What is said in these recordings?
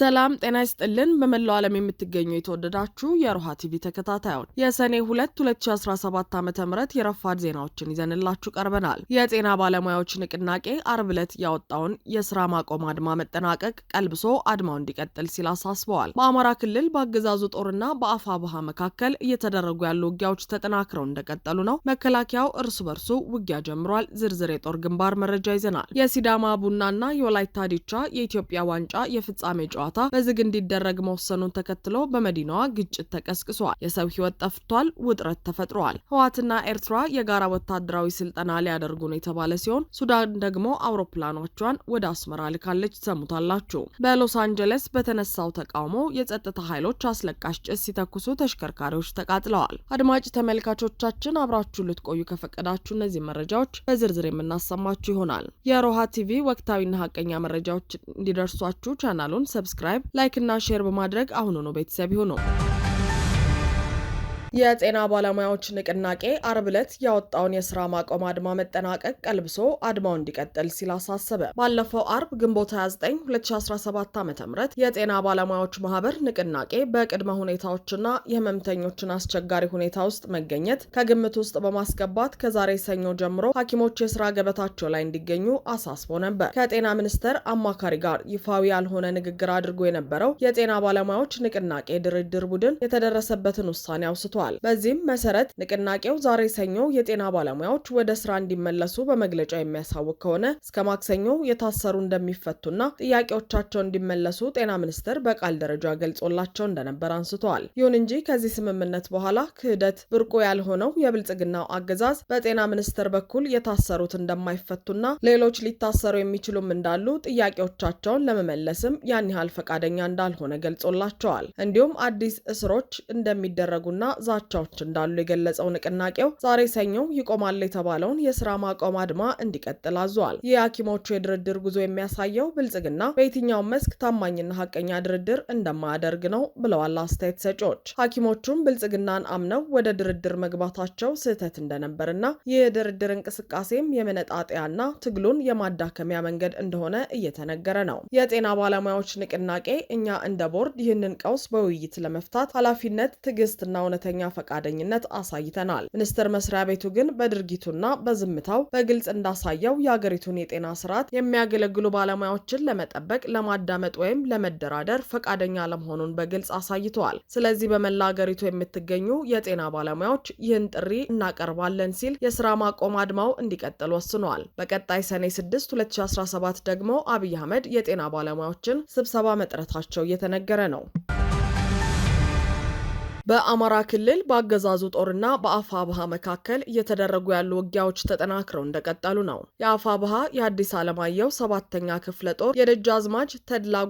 ሰላም ጤና ይስጥልን። በመላው ዓለም የምትገኙ የተወደዳችሁ የሮሃ ቲቪ ተከታታዮች የሰኔ 2 2017 ዓ ም የረፋድ ዜናዎችን ይዘንላችሁ ቀርበናል። የጤና ባለሙያዎች ንቅናቄ አርብ ዕለት ያወጣውን የስራ ማቆም አድማ መጠናቀቅ ቀልብሶ አድማው እንዲቀጥል ሲል አሳስበዋል። በአማራ ክልል በአገዛዙ ጦርና ባሃ መካከል እየተደረጉ ያሉ ውጊያዎች ተጠናክረው እንደቀጠሉ ነው። መከላከያው እርስ በርሱ ውጊያ ጀምሯል። ዝርዝር የጦር ግንባር መረጃ ይዘናል። የሲዳማ ቡናና የወላይታ ዲቻ የኢትዮጵያ ዋንጫ የፍጻሜ ጨዋታ ግንባታ በዝግ እንዲደረግ መወሰኑን ተከትሎ በመዲናዋ ግጭት ተቀስቅሷል። የሰው ሕይወት ጠፍቷል። ውጥረት ተፈጥሯል። ህወሓትና ኤርትራ የጋራ ወታደራዊ ስልጠና ሊያደርጉ ነው የተባለ ሲሆን ሱዳን ደግሞ አውሮፕላኖቿን ወደ አስመራ ልካለች። ሰሙታላችሁ። በሎስ አንጀለስ በተነሳው ተቃውሞ የጸጥታ ኃይሎች አስለቃሽ ጭስ ሲተኩሱ ተሽከርካሪዎች ተቃጥለዋል። አድማጭ ተመልካቾቻችን አብራችሁ ልትቆዩ ከፈቀዳችሁ እነዚህ መረጃዎች በዝርዝር የምናሰማችሁ ይሆናል። የሮሃ ቲቪ ወቅታዊና ሀቀኛ መረጃዎች እንዲደርሷችሁ ቻናሉን ሰብስክ ሰብስክራይብ፣ ላይክ እና ሼር በማድረግ አሁኑ ነው ቤተሰብ ይሁኑ። የጤና ባለሙያዎች ንቅናቄ አርብ ዕለት ያወጣውን የስራ ማቆም አድማ መጠናቀቅ ቀልብሶ አድማው እንዲቀጥል ሲል አሳሰበ። ባለፈው አርብ ግንቦት 29 2017 ዓ ም የጤና ባለሙያዎች ማህበር ንቅናቄ በቅድመ ሁኔታዎችና የህመምተኞችን አስቸጋሪ ሁኔታ ውስጥ መገኘት ከግምት ውስጥ በማስገባት ከዛሬ ሰኞ ጀምሮ ሐኪሞች የስራ ገበታቸው ላይ እንዲገኙ አሳስቦ ነበር። ከጤና ሚኒስቴር አማካሪ ጋር ይፋዊ ያልሆነ ንግግር አድርጎ የነበረው የጤና ባለሙያዎች ንቅናቄ ድርድር ቡድን የተደረሰበትን ውሳኔ አውስቷል። አመልክቷል። በዚህም መሰረት ንቅናቄው ዛሬ ሰኞ የጤና ባለሙያዎች ወደ ስራ እንዲመለሱ በመግለጫ የሚያሳውቅ ከሆነ እስከ ማክሰኞ የታሰሩ እንደሚፈቱና ጥያቄዎቻቸው እንዲመለሱ ጤና ሚኒስቴር በቃል ደረጃ ገልጾላቸው እንደነበር አንስተዋል። ይሁን እንጂ ከዚህ ስምምነት በኋላ ክህደት ብርቁ ያልሆነው የብልጽግናው አገዛዝ በጤና ሚኒስቴር በኩል የታሰሩት እንደማይፈቱና ሌሎች ሊታሰሩ የሚችሉም እንዳሉ ጥያቄዎቻቸውን ለመመለስም ያን ያህል ፈቃደኛ እንዳልሆነ ገልጾላቸዋል። እንዲሁም አዲስ እስሮች እንደሚደረጉና ዛቻዎች እንዳሉ የገለጸው ንቅናቄው ዛሬ ሰኞ ይቆማል የተባለውን የስራ ማቆም አድማ እንዲቀጥል አዟል። የሐኪሞቹ የድርድር ጉዞ የሚያሳየው ብልጽግና በየትኛው መስክ ታማኝና ሀቀኛ ድርድር እንደማያደርግ ነው ብለዋል አስተያየት ሰጪዎች። ሐኪሞቹም ብልጽግናን አምነው ወደ ድርድር መግባታቸው ስህተት እንደነበርና የድርድር እንቅስቃሴም የመነጣጠያና ትግሉን የማዳከሚያ መንገድ እንደሆነ እየተነገረ ነው። የጤና ባለሙያዎች ንቅናቄ እኛ እንደ ቦርድ ይህንን ቀውስ በውይይት ለመፍታት ኃላፊነት፣ ትዕግስትና እውነተኛ ከፍተኛ ፈቃደኝነት አሳይተናል። ሚኒስቴር መስሪያ ቤቱ ግን በድርጊቱና በዝምታው በግልጽ እንዳሳየው የአገሪቱን የጤና ስርዓት የሚያገለግሉ ባለሙያዎችን ለመጠበቅ ለማዳመጥ ወይም ለመደራደር ፈቃደኛ ለመሆኑን በግልጽ አሳይተዋል። ስለዚህ በመላ አገሪቱ የምትገኙ የጤና ባለሙያዎች ይህን ጥሪ እናቀርባለን ሲል የስራ ማቆም አድማው እንዲቀጥል ወስኗል። በቀጣይ ሰኔ 6 2017 ደግሞ አብይ አህመድ የጤና ባለሙያዎችን ስብሰባ መጥረታቸው እየተነገረ ነው። በአማራ ክልል በአገዛዙ ጦርና በአፋ ባሃ መካከል እየተደረጉ ያሉ ውጊያዎች ተጠናክረው እንደቀጠሉ ነው። የአፋ ባሃ የአዲስ ዓለማየሁ ሰባተኛ ክፍለ ጦር የደጃዝማች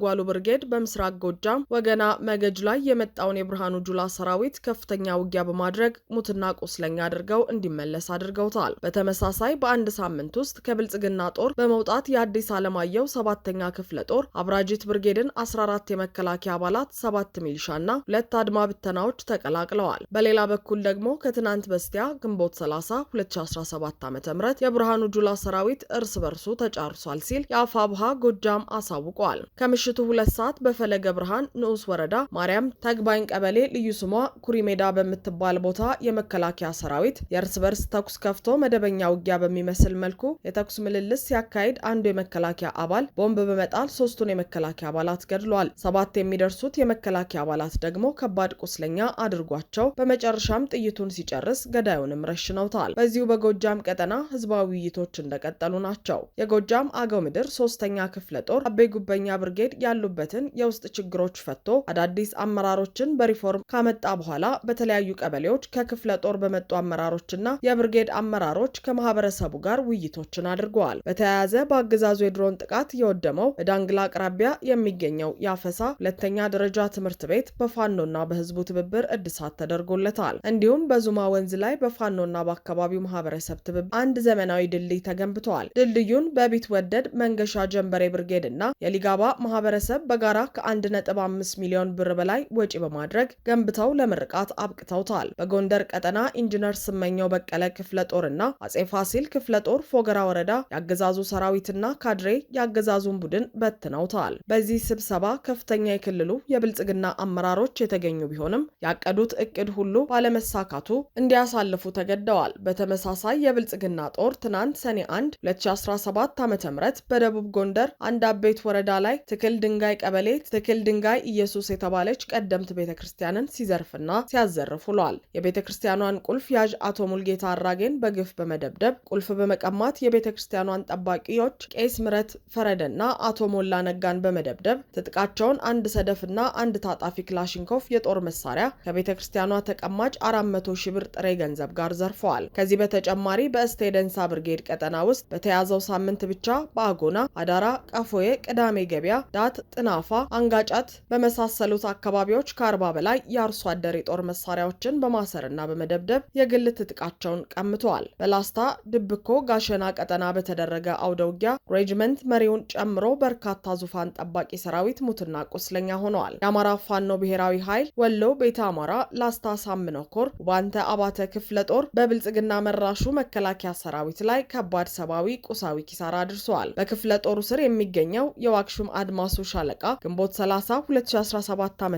ጓሉ ብርጌድ በምስራቅ ጎጃም ወገና መገጅ ላይ የመጣውን የብርሃኑ ጁላ ሰራዊት ከፍተኛ ውጊያ በማድረግ ሙትና ቁስለኛ አድርገው እንዲመለስ አድርገውታል። በተመሳሳይ በአንድ ሳምንት ውስጥ ከብልጽግና ጦር በመውጣት የአዲስ ዓለማየሁ ሰባተኛ ክፍለ ጦር አብራጅት ብርጌድን 14 የመከላከያ አባላት፣ ሰባት ሚሊሻና ሁለት አድማ ብተናዎች ተቀላቅለዋል። በሌላ በኩል ደግሞ ከትናንት በስቲያ ግንቦት 30 2017 ዓ ም የብርሃኑ ጁላ ሰራዊት እርስ በርሱ ተጫርሷል ሲል የአፋ ቡሃ ጎጃም አሳውቋል። ከምሽቱ ሁለት ሰዓት በፈለገ ብርሃን ንዑስ ወረዳ ማርያም ተግባኝ ቀበሌ ልዩ ስሟ ኩሪሜዳ በምትባል ቦታ የመከላከያ ሰራዊት የእርስ በርስ ተኩስ ከፍቶ መደበኛ ውጊያ በሚመስል መልኩ የተኩስ ምልልስ ሲያካሂድ አንዱ የመከላከያ አባል ቦምብ በመጣል ሶስቱን የመከላከያ አባላት ገድሏል። ሰባት የሚደርሱት የመከላከያ አባላት ደግሞ ከባድ ቁስለኛ አድርጓቸው በመጨረሻም ጥይቱን ሲጨርስ ገዳዩንም ረሽነውታል። በዚሁ በጎጃም ቀጠና ህዝባዊ ውይይቶች እንደቀጠሉ ናቸው። የጎጃም አገው ምድር ሶስተኛ ክፍለ ጦር አቤ ጉበኛ ብርጌድ ያሉበትን የውስጥ ችግሮች ፈቶ አዳዲስ አመራሮችን በሪፎርም ካመጣ በኋላ በተለያዩ ቀበሌዎች ከክፍለ ጦር በመጡ አመራሮችና የብርጌድ አመራሮች ከማህበረሰቡ ጋር ውይይቶችን አድርገዋል። በተያያዘ በአገዛዙ የድሮን ጥቃት የወደመው በዳንግላ አቅራቢያ የሚገኘው የአፈሳ ሁለተኛ ደረጃ ትምህርት ቤት በፋኖና በህዝቡ ትብብር ግብር እድሳት ተደርጎለታል። እንዲሁም በዙማ ወንዝ ላይ በፋኖና በአካባቢው ማህበረሰብ ትብብ አንድ ዘመናዊ ድልድይ ተገንብተዋል። ድልድዩን በቢት ወደድ መንገሻ ጀንበሬ ብርጌድ እና የሊጋባ ማህበረሰብ በጋራ ከ1.5 ሚሊዮን ብር በላይ ወጪ በማድረግ ገንብተው ለምርቃት አብቅተውታል። በጎንደር ቀጠና ኢንጂነር ስመኘው በቀለ ክፍለ ጦር አጼ ፋሲል ክፍለ ጦር ፎገራ ወረዳ የአገዛዙ ሰራዊትና ካድሬ የአገዛዙን ቡድን በትነውታል። በዚህ ስብሰባ ከፍተኛ የክልሉ የብልጽግና አመራሮች የተገኙ ቢሆንም ያቀዱት እቅድ ሁሉ ባለመሳካቱ እንዲያሳልፉ ተገደዋል። በተመሳሳይ የብልጽግና ጦር ትናንት ሰኔ 1 2017 ዓ ም በደቡብ ጎንደር አንድ አቤት ወረዳ ላይ ትክል ድንጋይ ቀበሌ ትክል ድንጋይ ኢየሱስ የተባለች ቀደምት ቤተ ክርስቲያንን ሲዘርፍና ሲያዘርፍ ውሏል። የቤተ ክርስቲያኗን ቁልፍ ያዥ አቶ ሙልጌታ አራጌን በግፍ በመደብደብ ቁልፍ በመቀማት የቤተ ክርስቲያኗን ጠባቂዎች ቄስ ምረት ፈረደና አቶ ሞላ ነጋን በመደብደብ ትጥቃቸውን አንድ ሰደፍና አንድ ታጣፊ ክላሽንኮፍ የጦር መሳሪያ ከቤተ ክርስቲያኗ ተቀማጭ 400 ሺህ ብር ጥሬ ገንዘብ ጋር ዘርፈዋል። ከዚህ በተጨማሪ በእስቴ ደንሳ ብርጌድ ቀጠና ውስጥ በተያዘው ሳምንት ብቻ በአጎና፣ አዳራ፣ ቀፎዬ፣ ቅዳሜ ገበያ፣ ዳት፣ ጥናፋ፣ አንጋጫት በመሳሰሉት አካባቢዎች ከአርባ በላይ የአርሶ አደር የጦር መሳሪያዎችን በማሰርና በመደብደብ የግል ትጥቃቸውን ቀምተዋል። በላስታ ድብኮ ጋሸና ቀጠና በተደረገ አውደ ውጊያ ሬጅመንት መሪውን ጨምሮ በርካታ ዙፋን ጠባቂ ሰራዊት ሙትና ቁስለኛ ሆነዋል። የአማራ ፋኖ ብሔራዊ ኃይል ወሎ ቤተ አማራ ላስታ ሳምነው ኮር ዋንተ አባተ ክፍለ ጦር በብልጽግና መራሹ መከላከያ ሰራዊት ላይ ከባድ ሰብአዊ፣ ቁሳዊ ኪሳራ አድርሰዋል። በክፍለ ጦሩ ስር የሚገኘው የዋክሹም አድማሱ ሻለቃ ግንቦት 30 2017 ዓ ም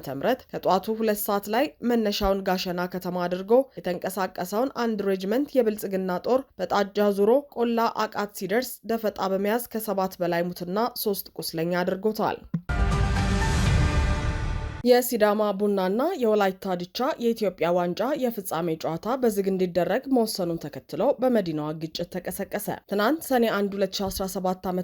ከጠዋቱ ሁለት ሰዓት ላይ መነሻውን ጋሸና ከተማ አድርጎ የተንቀሳቀሰውን አንድ ሬጅመንት የብልጽግና ጦር በጣጃ ዙሮ ቆላ አቃት ሲደርስ ደፈጣ በመያዝ ከሰባት በላይ ሙትና ሶስት ቁስለኛ አድርጎታል። የሲዳማ ቡናና የወላይታ ድቻ የኢትዮጵያ ዋንጫ የፍጻሜ ጨዋታ በዝግ እንዲደረግ መወሰኑን ተከትሎ በመዲናዋ ግጭት ተቀሰቀሰ። ትናንት ሰኔ 1 2017 ዓ ም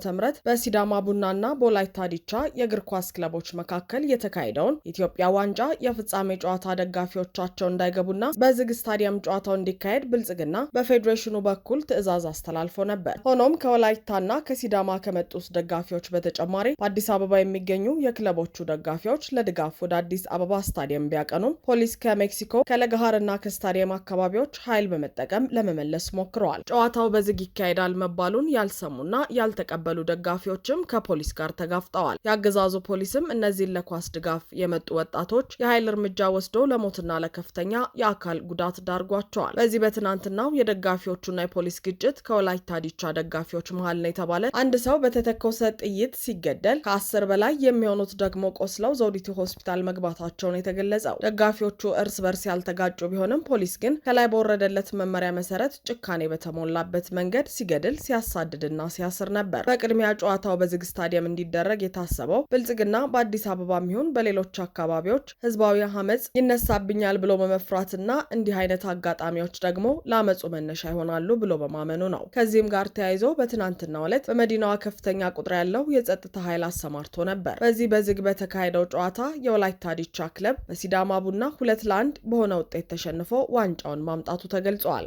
በሲዳማ ቡናና በወላይታ ድቻ የእግር ኳስ ክለቦች መካከል የተካሄደውን ኢትዮጵያ ዋንጫ የፍጻሜ ጨዋታ ደጋፊዎቻቸው እንዳይገቡና በዝግ ስታዲየም ጨዋታው እንዲካሄድ ብልጽግና በፌዴሬሽኑ በኩል ትዕዛዝ አስተላልፎ ነበር። ሆኖም ከወላይታና ከሲዳማ ከመጡት ደጋፊዎች በተጨማሪ በአዲስ አበባ የሚገኙ የክለቦቹ ደጋፊዎች ለድጋፉ ወደ አዲስ አበባ ስታዲየም ቢያቀኑም ፖሊስ ከሜክሲኮ ከለገሃርና ከስታዲየም አካባቢዎች ኃይል በመጠቀም ለመመለስ ሞክረዋል። ጨዋታው በዝግ ይካሄዳል መባሉን ያልሰሙና ያልተቀበሉ ደጋፊዎችም ከፖሊስ ጋር ተጋፍጠዋል። የአገዛዙ ፖሊስም እነዚህን ለኳስ ድጋፍ የመጡ ወጣቶች የኃይል እርምጃ ወስዶ ለሞትና ለከፍተኛ የአካል ጉዳት ዳርጓቸዋል። በዚህ በትናንትናው የደጋፊዎቹና የፖሊስ ግጭት ከወላይታ ዲቻ ደጋፊዎች መሀል ነው የተባለ አንድ ሰው በተተኮሰ ጥይት ሲገደል ከአስር በላይ የሚሆኑት ደግሞ ቆስለው ዘውዲቱ ሆስፒታል ሆስፒታል መግባታቸውን የተገለጸው ደጋፊዎቹ እርስ በርስ ያልተጋጩ ቢሆንም ፖሊስ ግን ከላይ በወረደለት መመሪያ መሰረት ጭካኔ በተሞላበት መንገድ ሲገድል፣ ሲያሳድድና ሲያስር ነበር። በቅድሚያ ጨዋታው በዝግ ስታዲየም እንዲደረግ የታሰበው ብልጽግና በአዲስ አበባም ይሁን በሌሎች አካባቢዎች ህዝባዊ አመፅ ይነሳብኛል ብሎ በመፍራትና እንዲህ አይነት አጋጣሚዎች ደግሞ ለአመፁ መነሻ ይሆናሉ ብሎ በማመኑ ነው። ከዚህም ጋር ተያይዞ በትናንትናው ዕለት በመዲናዋ ከፍተኛ ቁጥር ያለው የጸጥታ ኃይል አሰማርቶ ነበር። በዚህ በዝግ በተካሄደው ጨዋታ የወላ ወላይታ ዲቻ ክለብ በሲዳማ ቡና ሁለት ለአንድ በሆነ ውጤት ተሸንፎ ዋንጫውን ማምጣቱ ተገልጿል።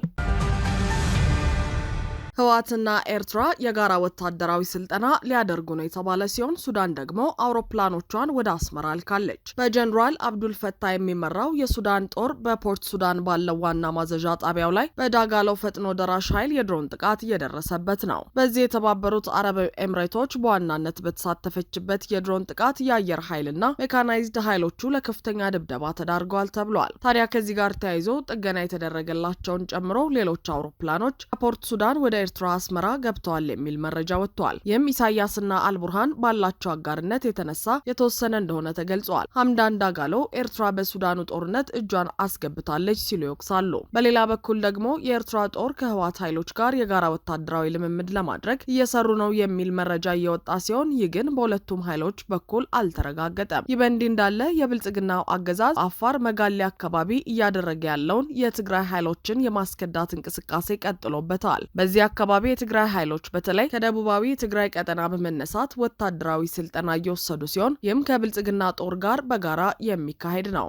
ህወሓትና ኤርትራ የጋራ ወታደራዊ ስልጠና ሊያደርጉ ነው የተባለ ሲሆን ሱዳን ደግሞ አውሮፕላኖቿን ወደ አስመራ ልካለች። በጀኔራል ፈታ የሚመራው የሱዳን ጦር በፖርት ሱዳን ባለው ዋና ማዘዣ ጣቢያው ላይ በዳጋለው ፈጥኖ ደራሽ ኃይል የድሮን ጥቃት እየደረሰበት ነው። በዚህ የተባበሩት አረብ ኤምሬቶች በዋናነት በተሳተፈችበት የድሮን ጥቃት የአየር ኃይልና ሜካናይዝድ ኃይሎቹ ለከፍተኛ ድብደባ ተዳርገዋል ተብሏል። ታዲያ ከዚህ ጋር ተያይዞ ጥገና የተደረገላቸውን ጨምሮ ሌሎች አውሮፕላኖች ከፖርት ሱዳን ወደ ኤርትራ አስመራ ገብተዋል የሚል መረጃ ወጥቷል። ይህም ኢሳያስና አልቡርሃን ባላቸው አጋርነት የተነሳ የተወሰነ እንደሆነ ተገልጿል። ሀምዳን ዳጋሎ ኤርትራ በሱዳኑ ጦርነት እጇን አስገብታለች ሲሉ ይወቅሳሉ። በሌላ በኩል ደግሞ የኤርትራ ጦር ከህወሓት ኃይሎች ጋር የጋራ ወታደራዊ ልምምድ ለማድረግ እየሰሩ ነው የሚል መረጃ እየወጣ ሲሆን ይህ ግን በሁለቱም ኃይሎች በኩል አልተረጋገጠም። ይህ በእንዲህ እንዳለ የብልጽግናው አገዛዝ አፋር መጋሌ አካባቢ እያደረገ ያለውን የትግራይ ኃይሎችን የማስከዳት እንቅስቃሴ ቀጥሎበታል። በዚህ አካባቢ የትግራይ ኃይሎች በተለይ ከደቡባዊ ትግራይ ቀጠና በመነሳት ወታደራዊ ስልጠና እየወሰዱ ሲሆን ይህም ከብልጽግና ጦር ጋር በጋራ የሚካሄድ ነው።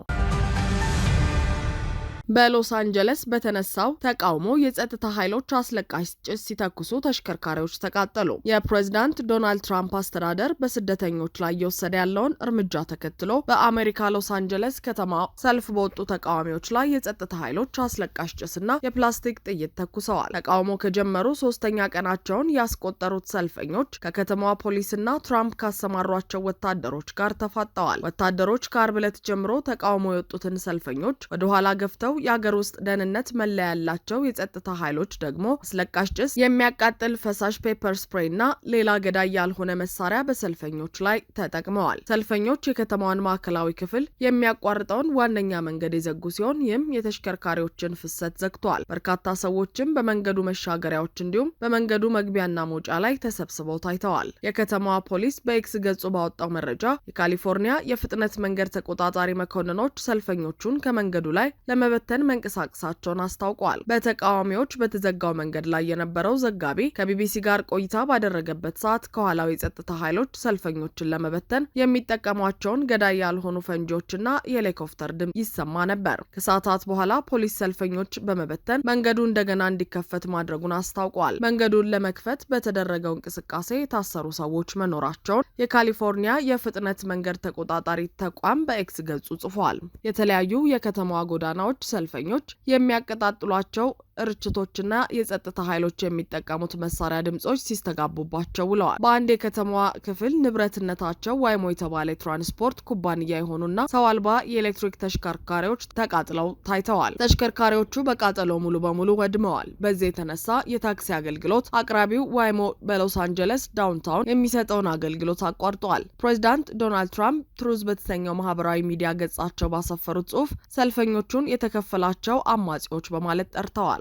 በሎስ አንጀለስ በተነሳው ተቃውሞ የጸጥታ ኃይሎች አስለቃሽ ጭስ ሲተኩሱ ተሽከርካሪዎች ተቃጠሉ። የፕሬዚዳንት ዶናልድ ትራምፕ አስተዳደር በስደተኞች ላይ እየወሰደ ያለውን እርምጃ ተከትሎ በአሜሪካ ሎስ አንጀለስ ከተማ ሰልፍ በወጡ ተቃዋሚዎች ላይ የጸጥታ ኃይሎች አስለቃሽ ጭስና የፕላስቲክ ጥይት ተኩሰዋል። ተቃውሞ ከጀመሩ ሶስተኛ ቀናቸውን ያስቆጠሩት ሰልፈኞች ከከተማዋ ፖሊስና ትራምፕ ካሰማሯቸው ወታደሮች ጋር ተፋጠዋል። ወታደሮች ከአርብ ዕለት ጀምሮ ተቃውሞ የወጡትን ሰልፈኞች ወደኋላ ገፍተው ያላቸው የአገር ውስጥ ደህንነት መለያ ያላቸው የጸጥታ ኃይሎች ደግሞ አስለቃሽ ጭስ፣ የሚያቃጥል ፈሳሽ፣ ፔፐር ስፕሬይ እና ሌላ ገዳይ ያልሆነ መሳሪያ በሰልፈኞች ላይ ተጠቅመዋል። ሰልፈኞች የከተማዋን ማዕከላዊ ክፍል የሚያቋርጠውን ዋነኛ መንገድ የዘጉ ሲሆን ይህም የተሽከርካሪዎችን ፍሰት ዘግተዋል። በርካታ ሰዎችም በመንገዱ መሻገሪያዎች እንዲሁም በመንገዱ መግቢያና መውጫ ላይ ተሰብስበው ታይተዋል። የከተማዋ ፖሊስ በኤክስ ገጹ ባወጣው መረጃ የካሊፎርኒያ የፍጥነት መንገድ ተቆጣጣሪ መኮንኖች ሰልፈኞቹን ከመንገዱ ላይ ለመበ በመበተን መንቀሳቀሳቸውን አስታውቋል። በተቃዋሚዎች በተዘጋው መንገድ ላይ የነበረው ዘጋቢ ከቢቢሲ ጋር ቆይታ ባደረገበት ሰዓት ከኋላው የጸጥታ ኃይሎች ሰልፈኞችን ለመበተን የሚጠቀሟቸውን ገዳይ ያልሆኑ ፈንጂዎችና የሄሊኮፕተር ድምፅ ይሰማ ነበር። ከሰዓታት በኋላ ፖሊስ ሰልፈኞች በመበተን መንገዱ እንደገና እንዲከፈት ማድረጉን አስታውቋል። መንገዱን ለመክፈት በተደረገው እንቅስቃሴ የታሰሩ ሰዎች መኖራቸውን የካሊፎርኒያ የፍጥነት መንገድ ተቆጣጣሪ ተቋም በኤክስ ገጹ ጽፏል። የተለያዩ የከተማዋ ጎዳናዎች ሰልፈኞች የሚያቀጣጥሏቸው ርችቶችና የጸጥታ ኃይሎች የሚጠቀሙት መሳሪያ ድምጾች ሲስተጋቡባቸው ውለዋል። በአንድ የከተማዋ ክፍል ንብረትነታቸው ዋይሞ የተባለ የትራንስፖርት ኩባንያ የሆኑና ሰው አልባ የኤሌክትሪክ ተሽከርካሪዎች ተቃጥለው ታይተዋል። ተሽከርካሪዎቹ በቃጠሎ ሙሉ በሙሉ ወድመዋል። በዚህ የተነሳ የታክሲ አገልግሎት አቅራቢው ዋይሞ በሎስ አንጀለስ ዳውንታውን የሚሰጠውን አገልግሎት አቋርጧል። ፕሬዚዳንት ዶናልድ ትራምፕ ትሩዝ በተሰኘው ማህበራዊ ሚዲያ ገጻቸው ባሰፈሩት ጽሁፍ ሰልፈኞቹን የተከፈላቸው አማጺዎች በማለት ጠርተዋል።